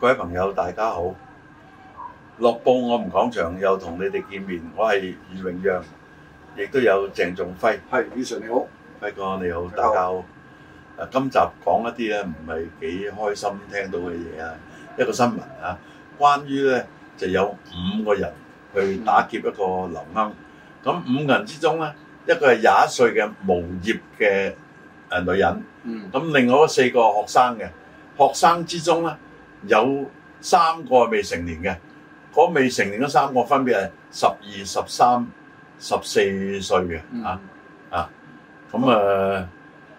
各位朋友，大家好！樂報我哋講場，又同你哋見面，我係余永揚，亦都有鄭仲輝。係宇純你好，輝哥你好，大家好。誒，今集講一啲咧，唔係幾開心聽到嘅嘢啊！一個新聞啊，關於咧就有五個人去打劫一個流坑。咁五個人之中咧，一個係廿一歲嘅無業嘅誒女人，嗯，咁另外嗰四個學生嘅學生之中咧。有三個未成年嘅，嗰未成年嗰三個分別係十二、十三、十四歲嘅，啊啊，咁誒，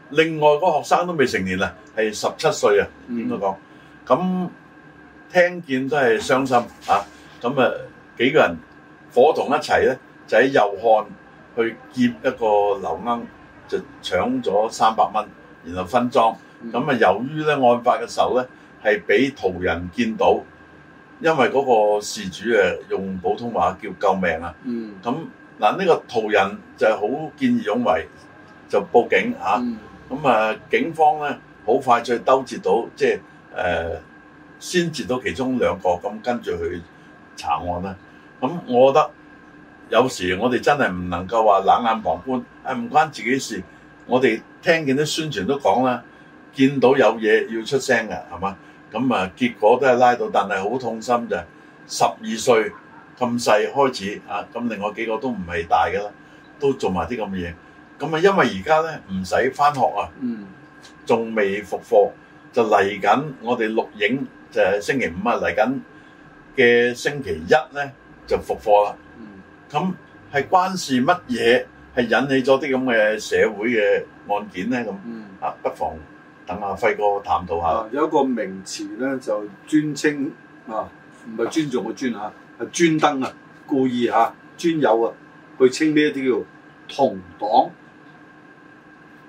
另外嗰學生都未成年啦，係十七歲啊，點樣講，咁聽見都係傷心啊，咁誒幾個人夥同一齊咧，就喺右漢去劫一個流鶯，就搶咗三百蚊，然後分贓，咁啊由於咧案發嘅時候咧。係俾途人見到，因為嗰個事主誒用普通話叫救命啊！咁嗱、嗯，呢、這個途人就係好見義勇為，就報警嚇。咁、嗯、啊，警方咧好快就去兜截到，即係誒、呃、先截到其中兩個，咁跟住去查案啦。咁我覺得有時我哋真係唔能夠話冷眼旁觀，啊，唔關自己事。我哋聽見啲宣傳都講啦，見到有嘢要出聲嘅係嘛？咁啊，結果都係拉到，但係好痛心就十二歲咁細開始啊，咁另外幾個都唔係大㗎啦，都做埋啲咁嘅嘢。咁啊，因為而家咧唔使返學啊，嗯，仲未復課就嚟緊，我哋錄影就係、是、星期五啊嚟緊嘅星期一咧就復課啦。咁係關事乜嘢？係引起咗啲咁嘅社會嘅案件咧咁。啊，啊，啊，啊不妨。等下輝哥探討下、啊，有一個名詞咧就專稱啊，唔係尊重嘅尊嚇，係、啊、專登啊，故意嚇，專有啊，去稱呢一啲叫同黨。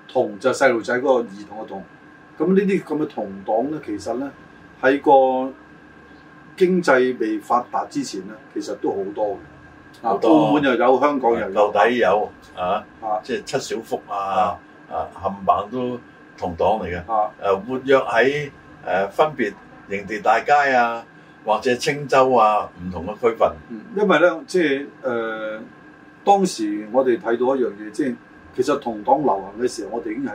同就細路仔嗰個兒童嘅同，咁呢啲咁嘅同黨咧，其實咧喺個經濟未發達之前咧，其實都多好多嘅。澳、啊、門又有，香港又有，到底有啊？即係七小福啊！啊，冚唪都～同黨嚟嘅，誒、啊、活躍喺誒、呃、分別營地大街啊，或者青州啊、唔同嘅區份。因為咧，即係誒、呃、當時我哋睇到一樣嘢，即係其實同黨流行嘅時候，我哋已經係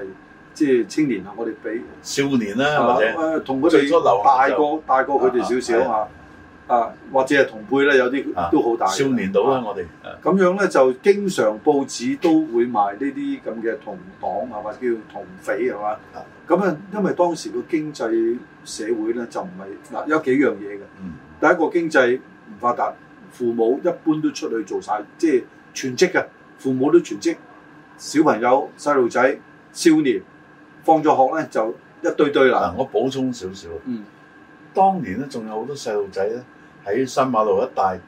即係青年、年啊，我哋比少年啦，或者同佢哋最初流行就大過大過佢哋少少啊。啊啊啊，或者係同輩咧，有啲都好大、啊、少年到啦，我哋咁樣咧就經常報紙都會賣呢啲咁嘅同黨嚇，或者叫同匪嚇。咁啊，啊，因為當時個經濟社會咧就唔係嗱有幾樣嘢嘅。嗯、第一個經濟唔發達，父母一般都出去做晒，即係全職嘅，父母都全職。小朋友細路仔少年放咗學咧就一堆堆啦。嗱、啊，我補充少少。嗯，當年咧仲有好多細路仔咧。喺新馬路一帶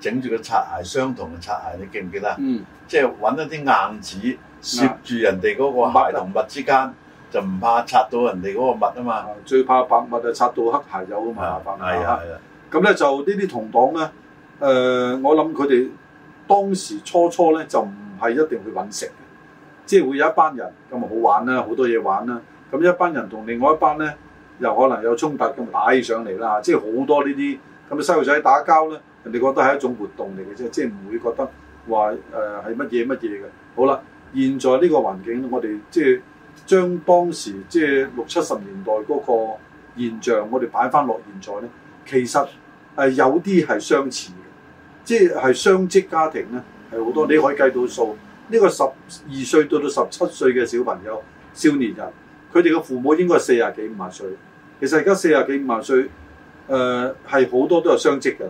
整住個擦鞋相同嘅擦鞋，你記唔記得？嗯，即係搵一啲硬紙，攝住人哋嗰個鞋同物之間，啊、就唔怕擦到人哋嗰個物啊嘛。最怕白物就擦到黑鞋，好麻煩啊嘛。係啊係啊，咁咧就呢啲同黨咧，誒、呃，我諗佢哋當時初初咧就唔係一定去揾食嘅，即係會有一班人咁啊好玩啦，好多嘢玩啦。咁一班人同另外一班咧又可能有衝突咁，嗌上嚟啦，即係好多呢啲。咁細路仔打交咧，人哋覺得係一種活動嚟嘅啫，即係唔會覺得話誒係乜嘢乜嘢嘅。好啦，現在呢個環境，我哋即係將當時即係六七十年代嗰個現象，我哋擺翻落現在咧，其實誒、呃、有啲係相似嘅，即係雙職家庭咧係好多，你可以計到數，呢、嗯、個十二歲到到十七歲嘅小朋友、少年人，佢哋嘅父母應該係四廿幾五廿歲，其實而家四廿幾五廿歲。誒係好多都有相積嘅，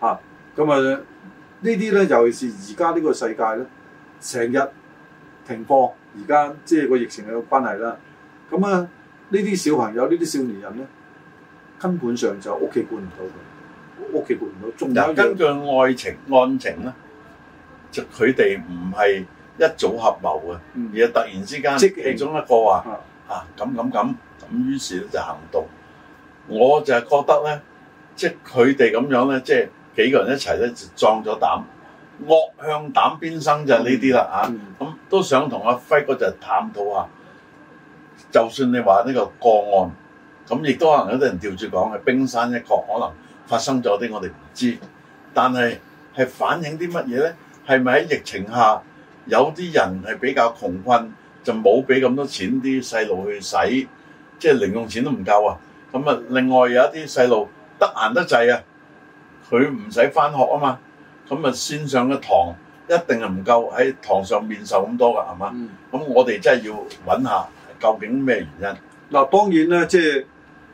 嚇咁啊！啊呢啲咧，尤其是而家呢個世界咧，成日停課，而家即係個疫情嘅關係啦。咁啊，呢啲小朋友、呢啲少年人咧，根本上就屋企管唔到嘅，屋企管唔到。仲有，有根據愛情、案情咧，就佢哋唔係一早合謀嘅，而係突然之間，即係其中一個話啊，咁咁咁，咁於是咧就行動。我就係覺得咧，即係佢哋咁樣咧，即係幾個人一齊咧就壯咗膽，惡向膽邊生就係呢啲啦嚇。咁、嗯嗯啊、都想同阿輝哥就探討下，就算你話呢個個案，咁、嗯、亦都可能有啲人調住講係冰山一角，可能發生咗啲我哋唔知，但係係反映啲乜嘢咧？係咪喺疫情下有啲人係比較窮困，就冇俾咁多錢啲細路去使，即係零用錢都唔夠啊？咁啊，嗯、另外有一啲細路得閒得滯啊，佢唔使返學啊嘛，咁啊，線上嘅堂一定係唔夠喺堂上面受咁多㗎，係嘛？咁、嗯、我哋真係要揾下究竟咩原因。嗱、嗯，當然咧，即係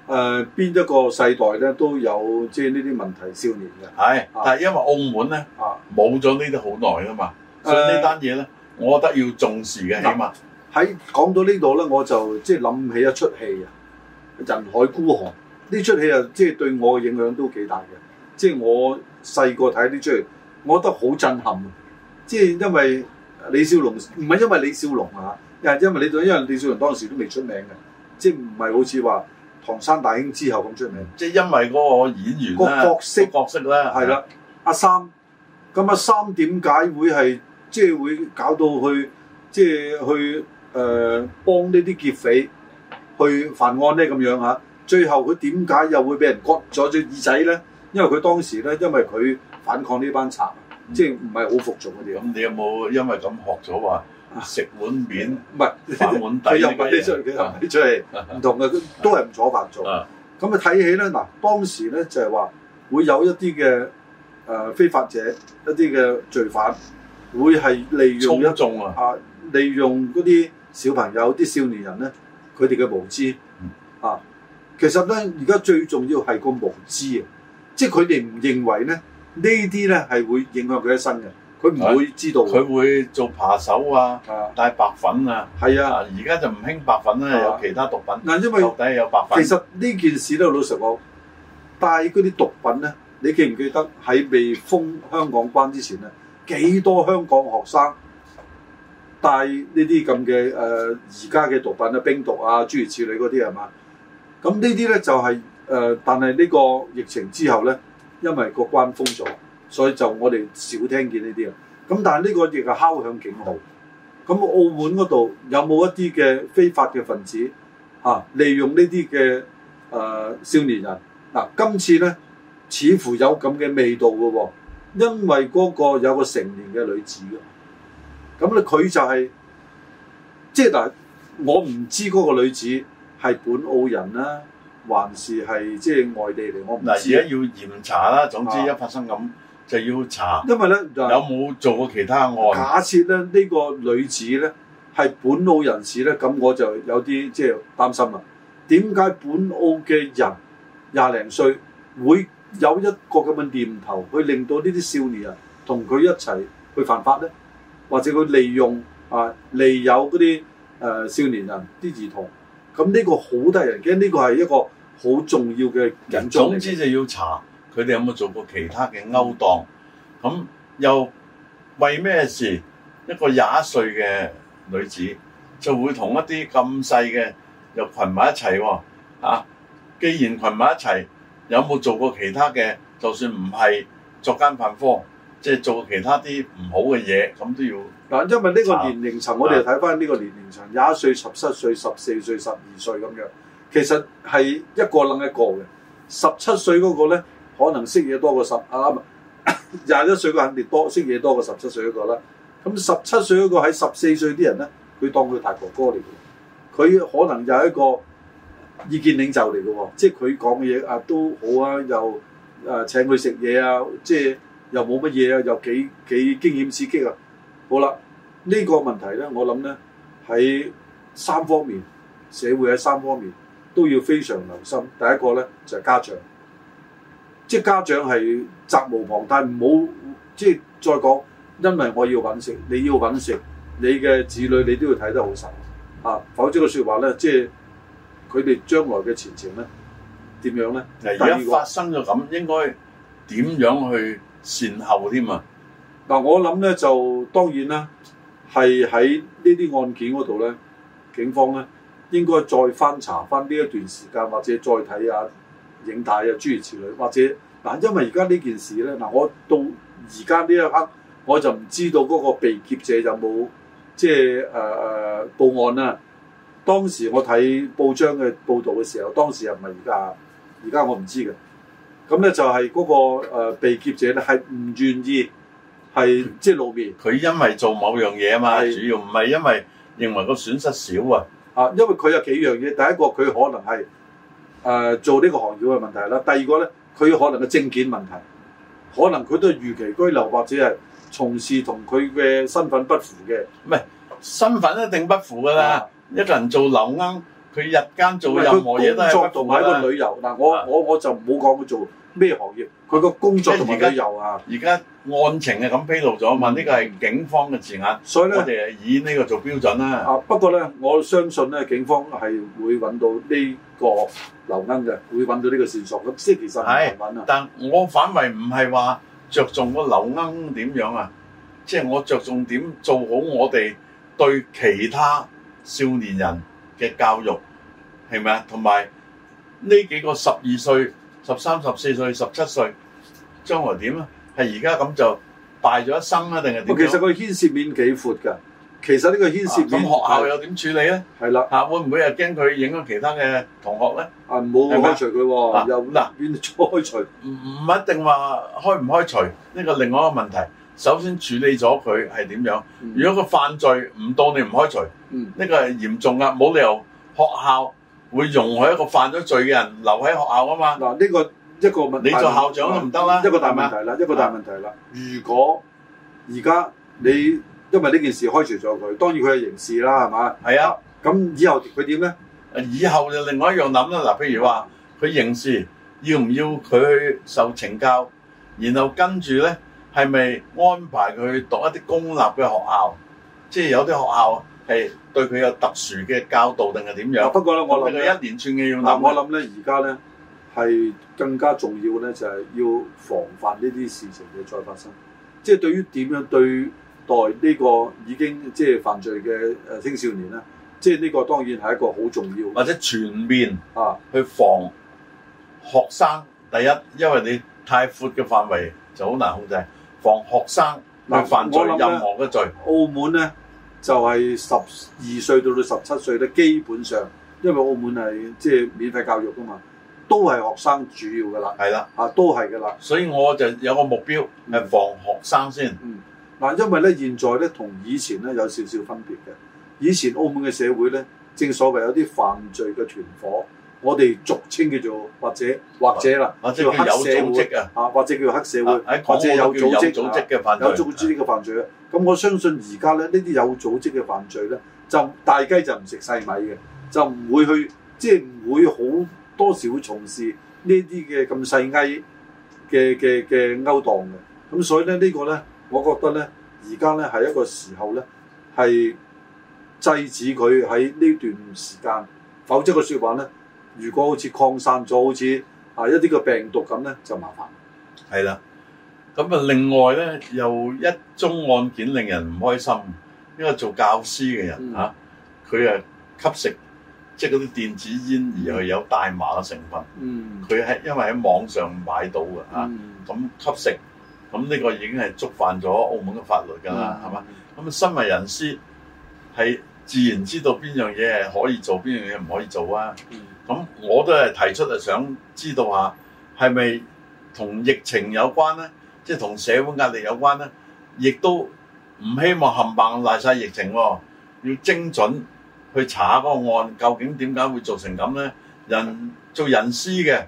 誒邊一個世代咧都有即係呢啲問題少年嘅。係是，啊、但係因為澳門咧冇咗呢啲好耐啦嘛，所以呢單嘢咧，嗯、我覺得要重視嘅，起碼喺、嗯、講到呢度咧，我就即係諗起一出戲啊。人海孤寒，呢出戲啊，即係對我嘅影響都幾大嘅。即係我細個睇呢出戲，我覺得好震撼。即係因為李小龍，唔係因為李小龍啊，又係因為李，因為李小龍當時都未出名嘅，即係唔係好似話唐山大兄之後咁出名。即係因為嗰個演員咧，個角色角色啦，係啦，阿三，咁阿三點解會係即係會搞到去即係去誒幫呢啲劫匪？去犯案呢，咁樣嚇，最後佢點解又會俾人割咗隻耳仔咧？因為佢當時咧，因為佢反抗呢班賊，嗯、即係唔係好服從嗰啲。咁你有冇因為咁學咗話食碗面，唔係飯碗底呢啲嘢？唔同嘅，都係唔坐罰做。咁啊睇起咧嗱，當時咧就係、係、話會有一啲嘅誒非法者，一啲嘅罪犯會係利用一眾啊，利用啲小朋友、啲少年人咧。佢哋嘅無知、嗯、啊，其實咧而家最重要係個無知啊，即係佢哋唔認為咧呢啲咧係會影響佢一生嘅，佢唔會知道佢會做扒手啊、啊帶白粉啊。係啊，而家、啊、就唔興白粉啦，啊、有其他毒品。啊、因為底有白粉。其實呢件事咧，老實講，帶嗰啲毒品咧，你記唔記得喺未封香港關之前咧，幾多香港學生？帶呢啲咁嘅誒而家嘅毒品啊，冰毒啊，諸如此類嗰啲係嘛？咁呢啲咧就係、是、誒、呃，但係呢個疫情之後咧，因為個關封咗，所以就我哋少聽見呢啲啊。咁但係呢個亦係敲響警號。咁澳門嗰度有冇一啲嘅非法嘅分子啊？利用呢啲嘅誒少年人嗱、啊，今次咧似乎有咁嘅味道嘅喎、哦，因為嗰個有個成年嘅女子嘅。咁咧佢就係、是，即係嗱，我唔知嗰個女子係本澳人啦，還是係即係外地嚟。我唔知而家要嚴查啦，總之一發生咁、啊、就要查。因為咧有冇做過其他案？假設咧呢個女子咧係本澳人士咧，咁我就有啲即係擔心啦。點解本澳嘅人廿零歲會有一個咁嘅念頭，去令到呢啲少年人同佢一齊去犯法咧？或者佢利用啊，利用嗰啲誒少年人啲兒童，咁呢個好得人驚，呢個係一個好重要嘅人。總之就要查佢哋有冇做過其他嘅勾當，咁又為咩事一個廿歲嘅女子就會同一啲咁細嘅又群埋一齊喎？嚇、啊！既然群埋一齊，有冇做過其他嘅？就算唔係作奸犯科。即係做其他啲唔好嘅嘢，咁都要嗱。因為呢個年齡層，的我哋睇翻呢個年齡層，廿一歲、十七歲、十四歲、十二歲咁樣，其實係一個撚一個嘅。十七歲嗰個咧，可能識嘢多過十啊，廿一歲個肯定多識嘢多過十七歲嗰個啦。咁十七歲嗰個喺十四歲啲人咧，佢當佢大哥哥嚟嘅，佢可能就係一個意見領袖嚟嘅喎，即係佢講嘢啊都好啊，又啊請佢食嘢啊，即係。又冇乜嘢啊，又幾幾驚險刺激啊！好啦，呢、這個問題咧，我諗咧喺三方面，社會喺三方面都要非常留心。第一個咧就係、是、家長，即係家長係責無旁貸，唔好即係再講，因為我要搵食，你要搵食，你嘅子女你都要睇得好實啊！否則嘅説話咧，即係佢哋將來嘅前程咧點樣咧？嗱，而家發生咗咁，應該點樣去？善後添啊！嗱，我諗咧就當然啦，係喺呢啲案件嗰度咧，警方咧應該再翻查翻呢一段時間，或者再睇下影帶啊諸如此類，或者嗱，因為而家呢件事咧，嗱，我到而家呢一刻，我就唔知道嗰個被劫者有冇即係誒誒報案啦。當時我睇報章嘅報導嘅時候，當時係唔係而家？而家我唔知嘅。咁咧就係嗰個被劫者咧係唔願意係他即係露面。佢因為做某樣嘢啊嘛，是主要唔係因為認為個損失少啊。啊，因為佢有幾樣嘢，第一個佢可能係誒、呃、做呢個行業嘅問題啦，第二個咧佢可能係證件問題，可能佢都係逾期居留或者係從事同佢嘅身份不符嘅。唔係、啊、身份一定不符噶啦，啊、一個人做漏鈎、啊。佢日間做任何嘢都係，同埋一個旅遊。嗱、啊，我我我就唔好講佢做咩行業。佢個、啊、工作同埋在旅遊啊。而家案情係咁披露咗嘛？呢個係警方嘅字眼。所以咧，我哋係以呢個做標準啦、啊。啊，不過咧，我相信咧，警方係會揾到呢個留鈎嘅，會揾到呢個線索。咁即係其實係揾啊。是但我反為唔係話着重個留鈎點樣啊，即、就、係、是、我着重點做好我哋對其他少年人，人。嘅教育係咪啊？同埋呢幾個十二歲、十三、十四歲、十七歲，將來點啊？係而家咁就敗咗一生啊？定係點？其實佢牽涉面幾闊㗎。其實呢個牽涉面，咁學校又點處理啊？係啦，嚇會唔會又驚佢影響其他嘅同學咧？啊，冇開除佢喎，又嗱邊開除？唔一定話開唔開除，呢個另外一個問題。首先處理咗佢係點樣？如果佢犯罪唔到你唔開除，呢、嗯、個係嚴重噶，冇理由學校會容許一個犯咗罪嘅人留喺學校啊嘛！嗱、這個，呢個一個問，你做校長都唔得啦，一個大問題啦，吧一個大問題啦。如果而家你因為呢件事開除咗佢，當然佢係刑事啦，係嘛？係啊，咁以後佢點咧？以後就另外一樣諗啦。嗱，譬如話佢刑事，要唔要佢去受懲教？然後跟住咧？係咪安排佢去讀一啲公立嘅學校？即係有啲學校係對佢有特殊嘅教導定係點樣？不過咧，我諗佢一連串嘅用。嗱、啊，我諗咧，而家咧係更加重要咧，就係要防範呢啲事情嘅再發生。即係對於點樣對待呢個已經即係犯罪嘅誒青少年咧？即係呢個當然係一個好重要，或者全面啊去防學生。第一，因為你太闊嘅範圍就好難控制。防學生嗱，犯罪任何嘅罪，澳門咧就係十二歲到到十七歲咧，基本上因為澳門係即係免費教育噶嘛，都係學生主要噶啦，係啦的，啊都係噶啦，所以我就有個目標係防學生先。嗯，嗱，因為咧現在咧同以前咧有少少分別嘅，以前澳門嘅社會咧正所謂有啲犯罪嘅團伙。我哋俗稱叫做或者或者啦，或者，或者，或者叫黑社會啊，或者叫黑社會，或者、啊、有組織嘅犯罪，啊、有組織呢個犯罪。咁是我相信而家咧呢啲有組織嘅犯罪咧，就大雞就唔食細米嘅，就唔會去即係唔會好多時會從事呢啲嘅咁細蟻嘅嘅嘅勾當嘅。咁所以咧呢、這個咧，我覺得咧而家咧係一個時候咧係制止佢喺呢段時間，否則嘅説話咧。如果好似擴散咗，好似啊一啲嘅病毒咁咧，就麻煩。係啦，咁啊另外咧，又一宗案件令人唔開心，因為做教師嘅人嚇，佢、嗯、啊吸食即係嗰啲電子煙，而去有大麻嘅成分。佢係、嗯、因為喺網上買到嘅嚇，咁、啊嗯啊、吸食，咁呢個已經係觸犯咗澳門嘅法律㗎啦，係嘛、嗯？咁身為人師，係自然知道邊樣嘢係可以做，邊樣嘢唔可以做啊。咁我都係提出啊，想知道下係咪同疫情有關呢？即係同社會壓力有關呢？亦都唔希望冚唪唥賴曬疫情喎。要精準去查下個案，究竟點解會做成咁呢？人做人師嘅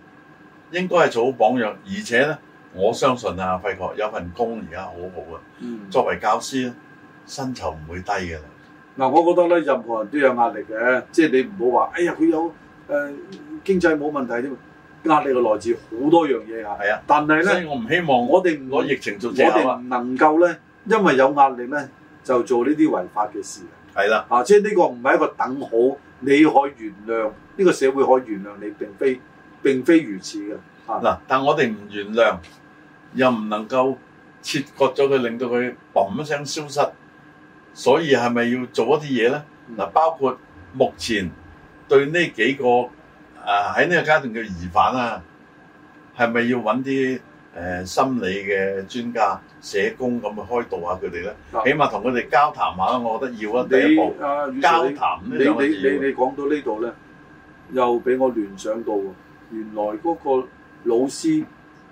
應該係做好榜樣，而且呢，我相信啊費確有份工而家好好嘅。作為教師咧，薪酬唔會低嘅。嗱、嗯，我覺得咧，任何人都有壓力嘅，即係你唔好話，哎呀佢有。誒經濟冇問題啫嘛，壓力係來自好多樣嘢嚇。係啊，但係咧，所以我唔希望我哋攞疫情做藉口啊！我哋唔能夠咧，因為有壓力咧，就做呢啲違法嘅事。係啦，啊，即係呢個唔係一個等號，你可以原諒呢個社會可以原諒你，並非並非如此嘅。嗱、啊，但我哋唔原諒，又唔能夠切割咗佢，令到佢嘣一聲消失。所以係咪要做一啲嘢咧？嗱、嗯，包括目前。對呢幾個啊喺呢個階段嘅疑犯啊，係咪要揾啲誒心理嘅專家、社工咁去開導下佢哋咧？啊、起碼同佢哋交談下，我覺得要得啊。第一步交談呢兩個字。你你你講到呢度咧，又俾我聯想到，原來嗰個老師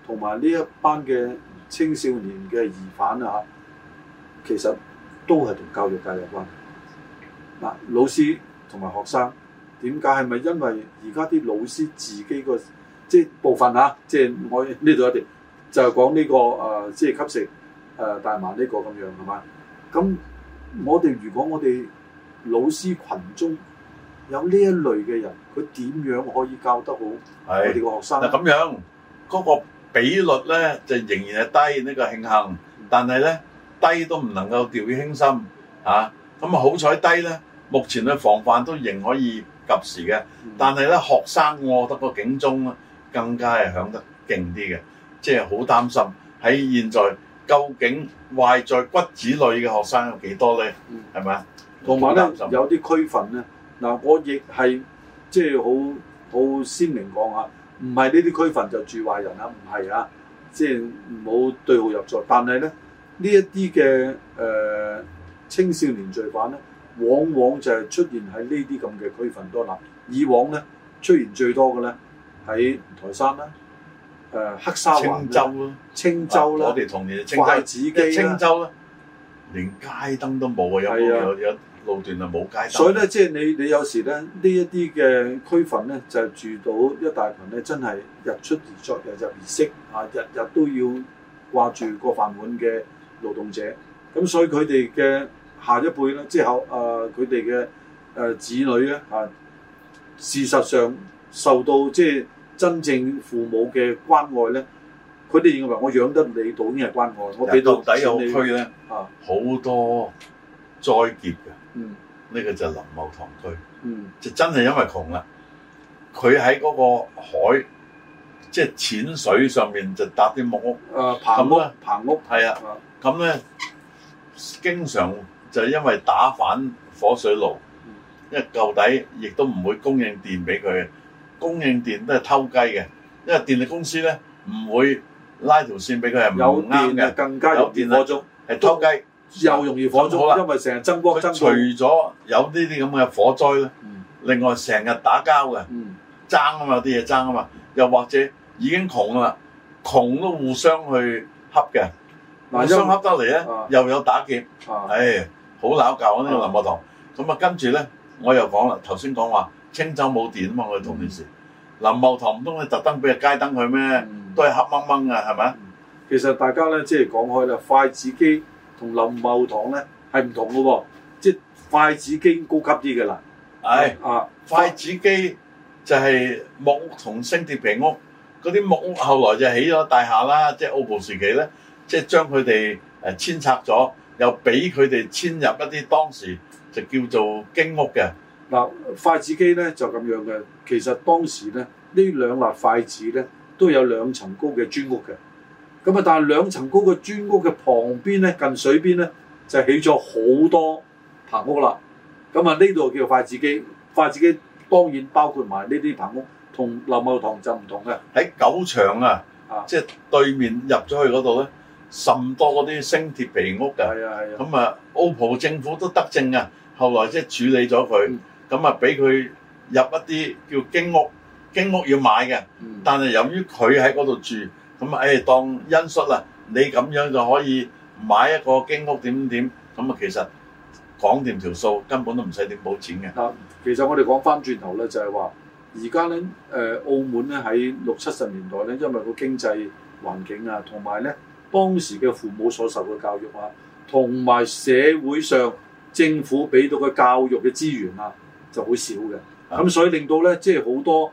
同埋呢一班嘅青少年嘅疑犯啊，其實都係同教育界有關。嗱、啊，老師同埋學生。點解係咪因為而家啲老師自己個即係部分啊？即係我呢度一定就係講呢個誒，即係吸食誒大麻呢個咁樣係嘛？咁我哋如果我哋老師羣中有呢一類嘅人，佢點樣可以教得好係我哋個學生？咁樣嗰個比率咧就仍然係低呢個慶幸，但係咧低都唔能夠掉以輕心啊！咁啊好彩低咧，目前嘅防範都仍可以。及時嘅，但係咧學生，我覺得個警鐘更加係響得勁啲嘅，即係好擔心喺現在究竟壞在骨子裏嘅學生有幾多咧？係咪啊？同埋咧有啲區、嗯、分咧，嗱我亦係即係好好鮮明講下，唔係呢啲區分就住壞人啦，唔係啊，即係唔好對號入座。但係咧呢一啲嘅誒青少年罪犯咧。往往就係出現喺呢啲咁嘅區份多啦。以往咧出現最多嘅咧喺台山啦，誒、嗯呃、黑沙環啦，青洲啦、啊啊啊，我哋童年嘅青洲啦，青、啊、洲啦、啊，連街燈都冇啊！有有有路段啊冇街燈呢。啊、所以咧，即、就、係、是、你你有時咧呢一啲嘅區份咧就係住到一大群，咧，真係日出而作，日入而息啊！日日都要掛住個飯碗嘅勞動者，咁所以佢哋嘅。下一輩咧，之後誒佢哋嘅誒子女咧嚇，事實上受到即係真正父母嘅關愛咧，佢哋認為我養得你到應係關愛，我俾到錢你咧嚇，好、嗯、多災劫嘅，呢個就林茂塘區，嗯、就真係因為窮啦，佢喺嗰個海即係淺水上面就搭啲木屋，誒、啊、棚，棚屋，棚屋係啊，咁咧經常，常。就係因為打反火水爐，因為舊底亦都唔會供應電俾佢嘅，供應電都係偷雞嘅，因為電力公司咧唔會拉條線俾佢係唔啱嘅，有電啊更加有電火燭係偷雞，又容易火燭，因為成日增波增。除咗有呢啲咁嘅火災咧，另外成日打交嘅，爭啊嘛，有啲嘢爭啊嘛，又或者已經窮啦，窮都互相去恰嘅，互相恰得嚟咧又有打劫，唉。好老舊啊！呢個林茂堂咁啊，跟住咧，我又講啦，頭先講話青州冇電啊嘛，我係同你講，林茂堂唔通你特登俾個街燈佢咩？都係黑掹掹啊，係咪？其實大家咧，即係講開咧，筷子機同林茂堂咧係唔同嘅喎，即係筷子機高級啲嘅啦。唉啊，筷子機就係木屋同生鐵平屋，嗰啲木屋後來就起咗大廈啦，即係澳葡時期咧，即係將佢哋誒遷拆咗。又俾佢哋遷入一啲當時就叫做經屋嘅嗱、啊、筷子基咧就咁樣嘅。其實當時咧呢兩立筷子咧都有兩層高嘅磚屋嘅，咁啊但係兩層高嘅磚屋嘅旁邊咧近水邊咧就起咗好多棚屋啦，咁啊呢度叫筷子基，筷子基當然包括埋呢啲棚屋，同林茂塘就唔同嘅喺九場啊，啊即係對面入咗去嗰度咧。甚多嗰啲升鐵皮屋㗎，咁啊澳、啊、葡政府都得正啊，後來即係處理咗佢，咁啊俾佢入一啲叫經屋，經屋要買嘅，嗯、但係由於佢喺嗰度住，咁啊誒當恩恤啦，你咁樣就可以買一個經屋點點，咁啊其實講掂條數根本都唔使點補錢嘅。啊、嗯，其實我哋講翻轉頭咧，就係話，而家咧誒澳門咧喺六七十年代咧，因為個經濟環境啊，同埋咧。當時嘅父母所受嘅教育啊，同埋社會上政府俾到嘅教育嘅資源啊，就好少嘅。咁的所以令到咧，即係好多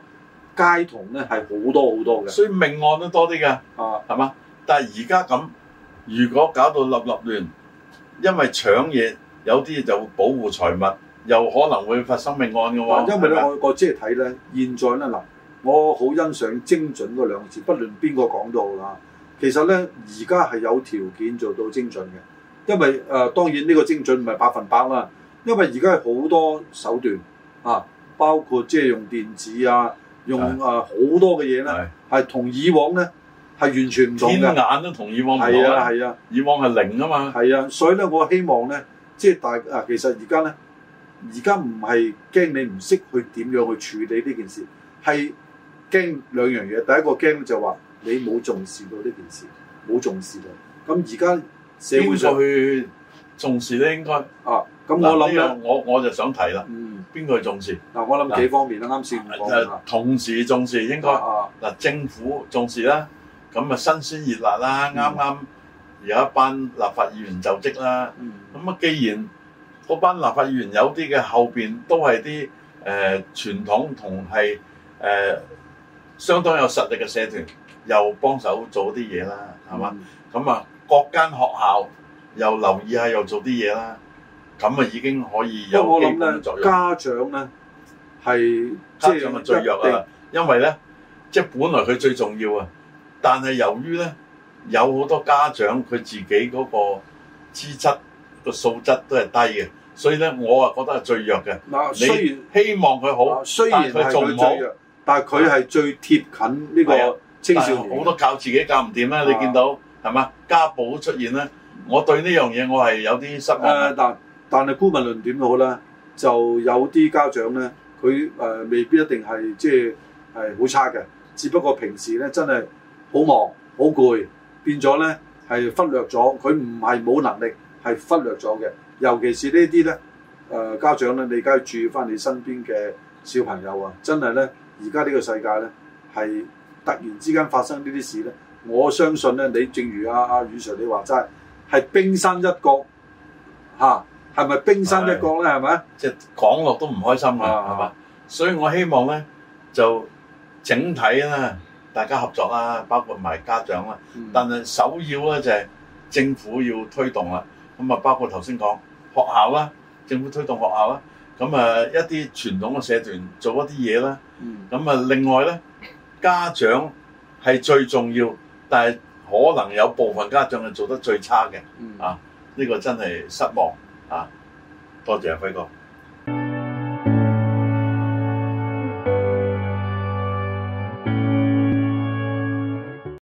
街童咧係好多好多嘅。所以命案都多啲嘅。啊的，係嘛？但係而家咁，如果搞到立立亂，嗯、因為搶嘢，有啲嘢就會保護財物，又可能會發生命案嘅喎、哦。因為咧的，外國的即係睇咧，現在咧嗱，我好欣賞精準嗰兩字，不論邊個講都好啦。其實咧，而家係有條件做到精準嘅，因為誒、呃、當然呢個精準唔係百分百啦，因為而家係好多手段啊，包括即係用電子啊，用誒好是的 多嘅嘢咧，係同以往咧係完全唔同。天眼都同以往唔同啊，係啊，以往係零啊嘛。係啊，所以咧我希望咧，即係大啊，其實而家咧，而家唔係驚你唔識去點樣去處理呢件事，係驚兩樣嘢。第一個驚就話。你冇重視過呢件事，冇重視到。咁而家社會上去重視咧，應該啊。咁我諗我我就想提啦。邊個、嗯、去重視？嗱、嗯，我諗幾方面啦。啱先講啦，同時重視應該嗱，啊啊、政府重視啦。咁啊，新鮮熱辣啦，啱啱、嗯、有一班立法議員就職啦。咁啊、嗯，既然嗰班立法議員有啲嘅後邊都係啲誒傳統同係誒相當有實力嘅社團。又幫手做啲嘢啦，係嘛、嗯？咁啊，各間學校又留意下，又做啲嘢啦。咁啊，已經可以有幾分作用。我諗呢，家長咧係即係，家長係最弱，一定，因為咧即係本來佢最重要啊。但係由於咧有好多家長佢自己嗰個資質個素質都係低嘅，所以咧我啊覺得係最弱嘅。嗱然，雖然希望佢好，雖然係佢最弱，但唔好，但係佢係最貼近呢、呢個。青少年好多靠自己搞唔掂啦，你見到係嘛、啊？家暴出現啦，我對呢樣嘢我係有啲失望、呃。但但係顧問論點好啦，就有啲家長咧，佢誒、呃、未必一定係即係係好差嘅，只不過平時咧真係好忙好攰，變咗咧係忽略咗。佢唔係冇能力，係忽略咗嘅。尤其是呢啲咧誒家長咧，你而家要注意翻你身邊嘅小朋友啊！真係咧，而家呢個世界咧係～突然之間發生呢啲事咧，我相信咧，你正如阿阿宇 Sir 你話齋，係冰山一角吓？係、啊、咪冰山一角咧？係咪是吧即係講落都唔開心啊！係嘛，所以我希望咧就整體咧，大家合作啦，包括埋家長啦。嗯、但係首要咧就係政府要推動啦。咁啊，包括頭先講學校啦，政府推動學校啦。咁啊，一啲傳統嘅社團做一啲嘢啦。咁啊、嗯，另外咧。家長係最重要，但係可能有部分家長係做得最差嘅，嗯、啊呢、呢個真係失望，啊多謝輝哥。